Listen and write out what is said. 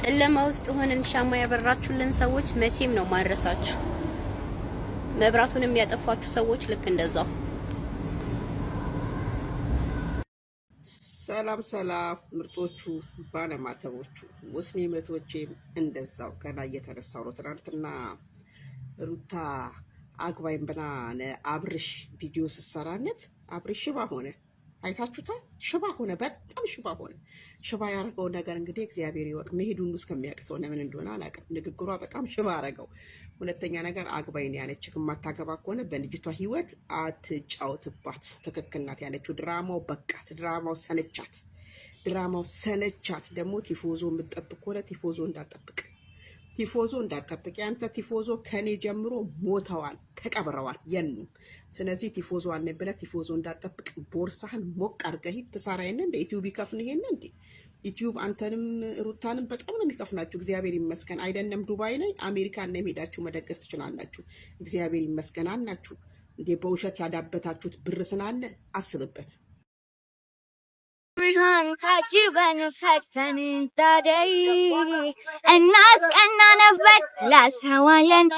ጨለማ ውስጥ ሆነን ሻማ ያበራችሁልን ሰዎች መቼም ነው ማድረሳችሁ። መብራቱን የሚያጠፋችሁ ሰዎች ልክ እንደዛው። ሰላም ሰላም ምርጦቹ ባለማተቦቹ ሙስሊም እህቶቼም እንደዛው ገና እየተነሳው ነው። ትናንትና ሩታ አግባይም ብና አብርሽ ቪዲዮ ስሰራነት አብርሽ ባሆነ አይታችሁታል። ሽባ ሆነ፣ በጣም ሽባ ሆነ። ሽባ ያደረገው ነገር እንግዲህ እግዚአብሔር ይወቅ። መሄዱን እስከሚያቅተው ለምን እንደሆነ አላውቅም። ንግግሯ በጣም ሽባ አረገው። ሁለተኛ ነገር አግባይ ነው ያለች። የማታገባ ከሆነ በልጅቷ ህይወት አትጫወትባት። ትክክል ናት ያለችው። ድራማው በቃት። ድራማው ሰለቻት። ድራማው ሰለቻት። ደግሞ ቲፎዞ የምትጠብቅ ከሆነ ቲፎዞ እንዳጠብቅ ቲፎዞ እንዳትጠብቂ። ያንተ ቲፎዞ ከኔ ጀምሮ ሞተዋል፣ ተቀብረዋል የኑ። ስለዚህ ቲፎዞ አለ ብለ ቲፎዞ እንዳጠብቅ ቦርሳህን ሞቅ አድርገህ ሂድ። ትሰራ የለ እንደ ዩቲዩብ ይከፍን ይሄን እንዴ ዩቲዩብ አንተንም ሩታንም በጣም ነው የሚከፍናችሁ። እግዚአብሔር ይመስገን አይደለም። ዱባይ ላይ አሜሪካ እና የሄዳችሁ መደገስ ትችላላችሁ። እግዚአብሔር ይመስገን አናችሁ እንዴ። በውሸት ያዳበታችሁት ብር ስላለ አስብበት። ታጅበን ፈተን ታዲያ እናስቀ That's how I Hawaiian.